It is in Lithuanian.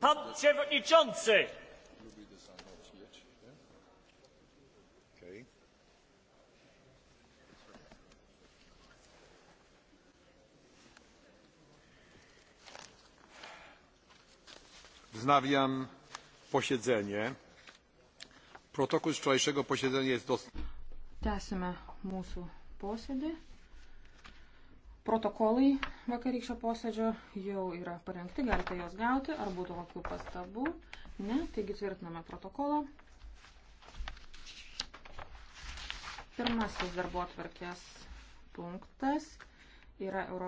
Pan przewodniczący! Wznawiam posiedzenie. Protokół z wczorajszego posiedzenia jest dostępny. Tęsime mūsų posėdį. Protokolai vakarykščio posėdžio jau yra parengti, galite juos gauti, ar būtų kokių pastabų. Ne, taigi tvirtiname protokolą. Pirmasis darbo atvarkės punktas yra Europos.